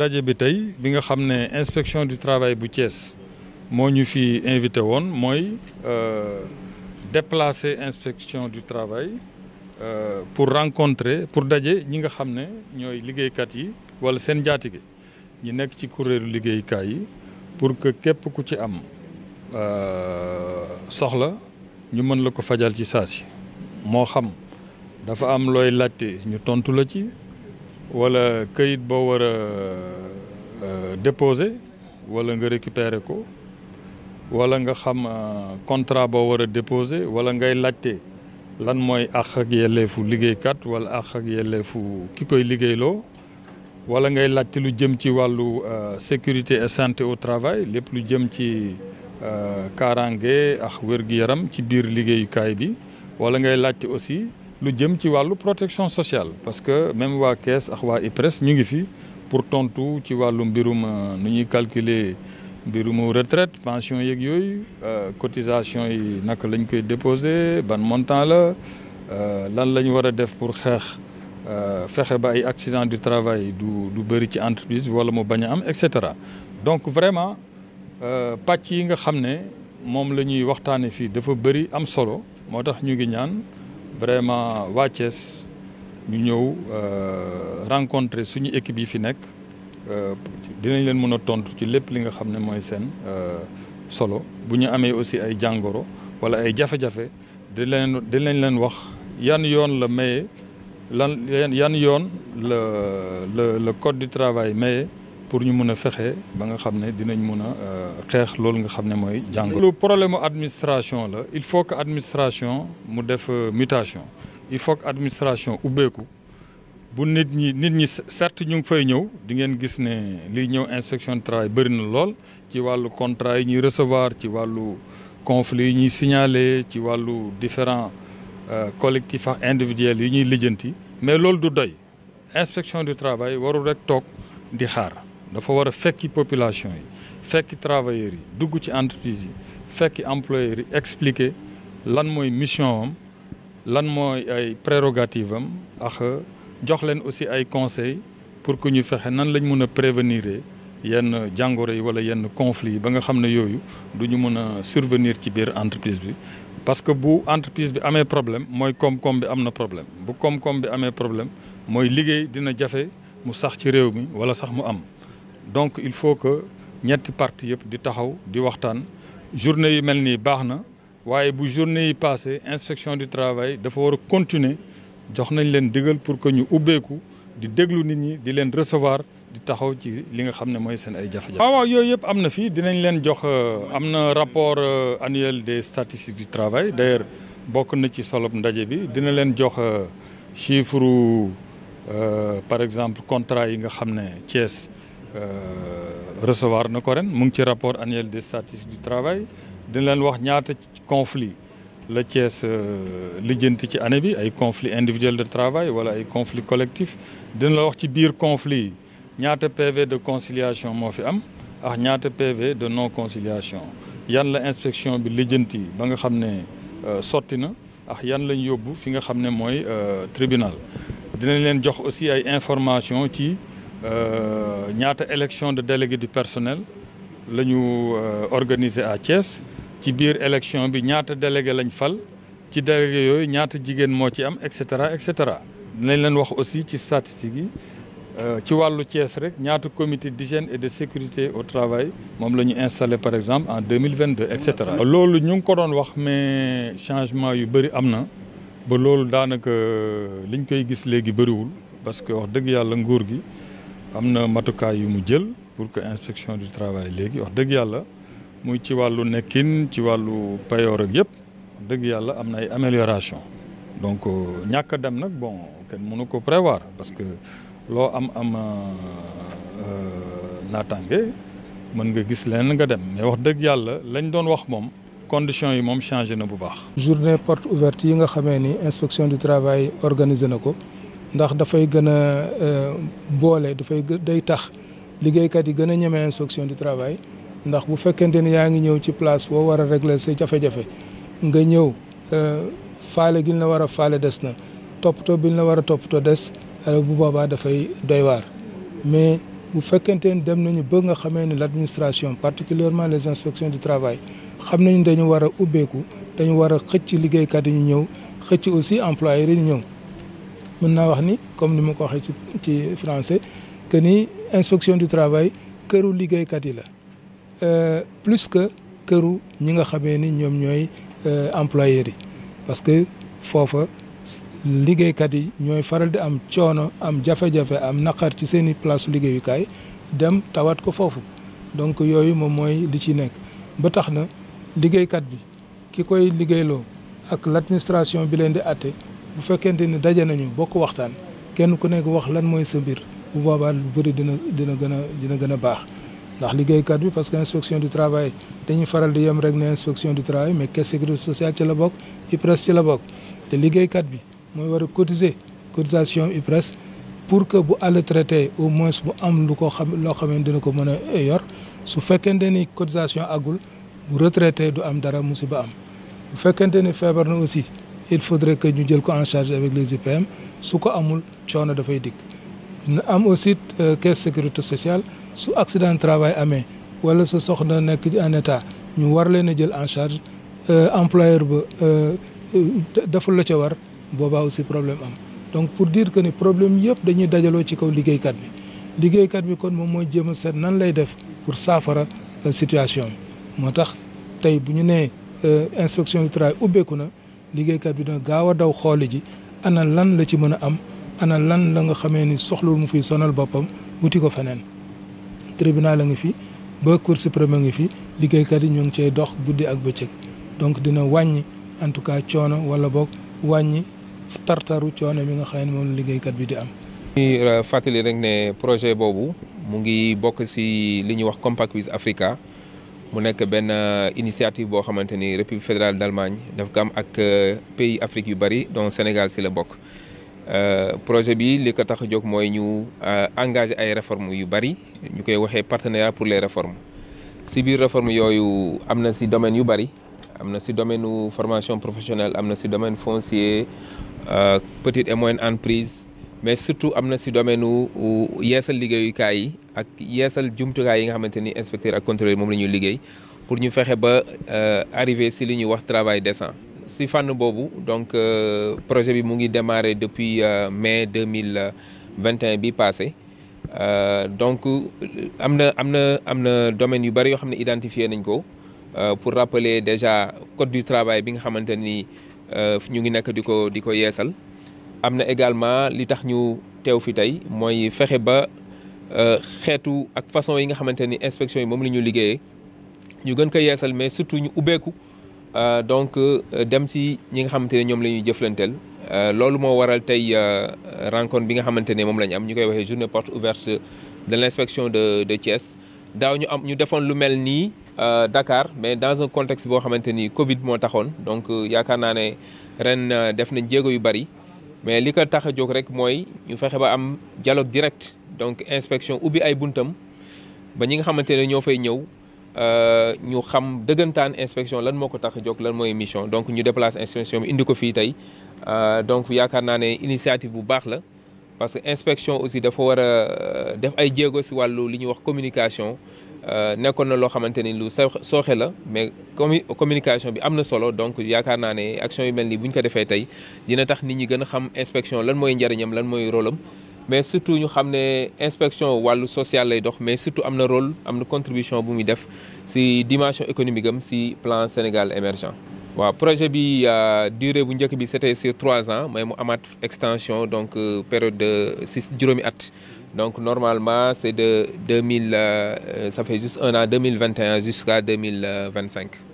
daje bi tey bi nga xam ne inspection du travail bu Thiès moo ñu fi invité woon mooy euh, déplacer inspection du travail euh, pour rencontrer pour daje ñi nga xam ne ñooy liggéeykat yi wala seen njaatige ñi nekk ci kuréelu liggéeykaay yi pour que képp ku ci am euh, soxla ñu mën la ko fajal ci saa si moo xam dafa am looy laajte ñu tontu la ci wala këyit boo war a euh, déposer wala nga récupérer ko wala nga xam euh, contrat boo war a déposer wala ngay laajte lan mooy àq ak yelleefu liggéeykat wala àq ak yelleefu ki koy liggéeyloo wala ngay laajte lu jëm ci wàllu euh, sécurité et santé au travail lépp lu jëm ci kaaraange ak wér-gu-yaram ci biir liggéeyukaay bi wala ngay laajte aussi lu jëm ci wàllu protection sociale parce que même waa Kees ak waa IPRES ñu ngi fi pour tontu ci wàllu mbirum euh, nu ñuy calculer mbirum retraite pension yeeg yooyu euh, cotisation yi naka lañ koy déposé ban montant la euh, lan la ñu war a def pour xeex fexe ba ay accident du travail du du bëri ci entreprise wala mu bañ a am et cetera donc vraiment pàcc yi nga xam ne moom la ñuy waxtaanee fii dafa bëri am solo moo tax ñu ngi ñaan. vraiment waa ñu ñëw euh, rencontrer suñu équipe yi fi nekk euh, dinañ leen mën a tontu ci lépp li nga xam ne mooy seen euh, solo bu ñu amee aussi ay jàngoro wala ay jafe-jafe di leen di leen wax yan yoon la maye lan yan yoon la le le code du travail maye. pour ñu mun a fexe ba nga xam ne dinañ mun a euh, xeex loolu nga xam ne mooy jàng loolu problème administration la il faut que administration mu def euh, mutation il faut que administration ubbeeku bu nit ñi nit ñi certes ñu ngi fay ñëw di ngeen gis ne liy ñëw inspection du travail bëri na lool ci wàllu contrat yi ñuy recevoir ci wàllu conflit yi ñuy signaler ci wàllu différents euh, collectifs ak individuels yi ñuy lijjanti mais loolu du doy inspection du travail warul rek toog di xaar dafa war a fekki population yi fekki travailleurs yi dugg ci entreprise yi fekki employeurs yi expliquer lan mooy mission am lan mooy ay prérogative am ax jox leen aussi ay conseils pour que ñu fexe nan lañ mën a prévenir yenn jàngoro yi wala yenn conflits yi ba nga xam ne yooyu du ñu mën a survenir ci biir entreprise bi parce que bu entreprise bi amee problème mooy koom-koom bi am na problème bu koom-koom bi amee problème mooy liggéey dina jafe mu sax ci réew mi wala sax mu am donc il faut que ñetti parti yëpp di taxaw di waxtaan journée yi mel nii baax na waaye bu journée yi passé inspection du travail dafa war a continuer jox nañ leen digal pour que ñu ubbeeku di déglu nit ñi di leen recevoir di taxaw ci li nga xam ne mooy seen ay jafe-jafe. Ah waaw yooyu yëpp am na fii dinañ leen jox euh, am na rapport euh, annuel des statistiques du travail d'ailleurs bokk na ci solob ndaje bi dina leen jox euh, chiffre par exemple contrat yi nga xam ne Thiès. Euh, recevoir na ko ren mu ngi ci rapport annuel des statistiques du travail dina leen wax ñaata conflit la Thiès euh, lijjanti ci année bi ay conflit individuel de travail wala ay conflit collectif dina la wax ci biir conflit ñaata PV de conciliation moo fi am ax ñaata PV de non conciliation yan la inspection bi lijjanti ba nga xam ne euh, sotti na ak yan lañ yóbbu fi nga xam ne mooy tribunal dinañ leen jox aussi ay information ci Euh, ñaata élection de délégué du personnel la ñu euh, organiser à Thiès ci biir élection bi ñaata délégué lañ fal ci délégué yooyu ñaata jigéen moo ci am et cetera et cetera. dinañ leen wax aussi ci statistiques yi euh, ci wàllu Thiès rek ñaata comité d'hygiène et de sécurité au travail moom la ñu installé par exemple en deux mille vingt et cetera. loolu ñu ngi ko doon wax mais changement yu bëri am na ba loolu daanaka liñ koy gis léegi bëriwul parce que wax dëgg yàlla nguur gi. am na matukaay yu mu jël pour que inspection du travail léegi wax dëgg yàlla muy ci wàllu nekkin ci wàllu payoor ak yëpp wax dëgg yàlla am na ay amélioration donc euh, ñàkk a dem nag bon kenn mënu ko prévoir parce que loo am am euh, euh, naataange mën nga gis leen nga dem mais wax dëgg yàlla lañ doon wax moom conditions yi moom changé na bu baax. journée porte ouverte yi nga xamee ni inspection du travail organisé na ko. ndax dafay gën a euh, boole dafay day tax liggéeykat yi gën a ñeme inspection du travail ndax bu fekkente ni yaa ngi ñëw ci place boo war a régler say jafe-jafe nga ñëw euh, faale gi ñu la war a faale des na toppatoo bi na war a toppatoo des euh, bu boobaa dafay doy waar mais bu fekkente ni dem nañu ba nga xamee ne l' administration particulièrement les inspections du travail xam nañu dañu war a ubbeeku dañu war a xëcc liggéeykat yi ñu ñëw xëcc aussi employeurs yi ñu mën naa wax ni comme ni ma ko waxee ci ci français que ni inspection du travail këru liggéeykat yi la euh, plus que këru ñi nga xamee ni ñoom ñooy euh, employeurs yi parce que foofa liggéeykat yi ñooy faral di am coono am jafe-jafe am naqar ci seen i place liggéeyukaay dem tawat ko foofu donc yooyu moom mooy li ci nekk ba tax na liggéeykat bi ki koy liggéeyloo ak l'administration bi leen di àtte bu fekkente ni daje nañu bokk waxtaan kenn ku nekk wax lan mooy sa mbir bu boobaal lu bëri dina dina gën a dina gën a baax ndax liggéeykat bi parce que inspection du travail dañuy faral di yem rek ne inspection du travail mais caisse sécurité sociale ci la bokk IPRES ci la bokk te liggéeykat bi mooy war a cotiser cotisation IPRES pour que bu àll traité au moins bu am lu ko xam loo xam dina ko mën a yor su fekkente ni cotisation agul bu retraité du am dara musiba am bu fekkente ni feebar na aussi il faudrait que ñu jël ko en charge avec les IPM su ko amul coono dafay dikk na am aussi euh, caisse sécurité sociale su accident travail amee wala sa soxna nekk en état ñu war leen a jël en charge euh, employeur ba euh, deful la ca war boobaa aussi problème am donc pour diir que ni problème yëpp dañuy dajaloo ci kaw liggéeykat bi liggéeykat bi kon moom mooy jéem a seet nan lay def pour saafara situation moo tax tey bu ñu nee inspection du travail ubbeeku na liggéeykat bi dina gaaw a daw xooli ji ana lan la ci mën a am ana lan la nga xamee ni soxlul mu fiy sonal boppam wuti ko feneen tribunal a ngi fi ba cour suprême a ngi fi liggéeykat yi ñoo ngi cee dox guddi ak bëccëg donc dina wàññi en tout cas coono wala boog wàññi tartaru coono mi nga xam ne moom liggéeykat bi di am. ñu euh, fàttali rek ne projet boobu mu ngi bokk ci li ñuy wax Compact with Africa. mu nekk benn euh, initiative boo xamante ni république fédérale d'Allemagne daf ko am ak euh, pays Afrique yu bari dont Sénégal si la bokk euh, projet bi li ko tax a jóg mooy ñu engagé ay réformes yu bari ñu koy waxee partenariat pour les réformes si biir réforme yooyu am na si domaine yu bari am na si domaine u formation professionnelle am na ci domaine foncier petite et moyenne entreprise mais surtout am na si domaine u yeesal liggéeyukaay yi ak yeesal jumtukaay yi nga xamante ni inspecteur ak contrôleur moom la ñuy liggéey pour ñu fexe ba euh, arriver si li ñuy wax travail décent si fànn boobu donc euh, projet bi mu ngi démarré depuis euh, mai deux mille vingt et un bi passé donc am na am na am na domaine yu bëri yoo xam ne identifié nañ ko pour rappeler déjà code du travail bi nga xamante ni ñu ngi nekk di ko di ko yeesal am na également li tax ñu teew fi tey mooy fexe ba xeetu ak façon yi nga xamante ni inspection yi moom la ñu liggéeyee ñu gën ko yeesal mais surtout ñu ubbeeku euh, donc euh, dem si ñi nga xamante ne ñoom la ñuy jëflanteel euh, loolu moo waral tey rencontre bi nga xamante ne moom la ñu am ñu koy waxee journée porte ouverte de l' de de Thiès daaw ñu am ñu defoon lu mel nii dakaar mais dans un contexte boo xamante ni Covid moo taxoon donc yaakaar naa ne ren def nañ jéego yu bari mais li ko tax jóg rek mooy ñu fexe ba am dialogue direct. donc inspection ubbi ay buntam ba ñi nga xamante ne ñoo fay ñëw euh, ñu xam dëggantaan inspection lan moo ko tax a jóg lan mooy mission donc ñu déplace inspection bi indi ko fii tey euh, donc yaakaar naa ne initiative bu baax la parce que inspection aussi dafa war a euh, def ay jéego si wàllu li ñuy wax communication nekkoon na loo xamante ni lu sooxe la mais communication bi am na solo donc yaakaar naa ne action yu mel nii bu ñu ko defee tey dina tax nit ñi gën a xam inspection lan mooy njëriñam lan mooy rôle mais surtout ñu xam ne inspection wàllu social lay dox mais surtout am na rôle am na contribution bu muy def si dimension économique am ci plan Sénégal émergent waaw projet bi euh, durée bu njëkk bi c'était sur trois ans mais mu amaat extension donc euh, période de six juróomi at donc normalement c'est de deux mille euh, ça fait juste un an mille vingt et un jusqu'à mille vingt cinq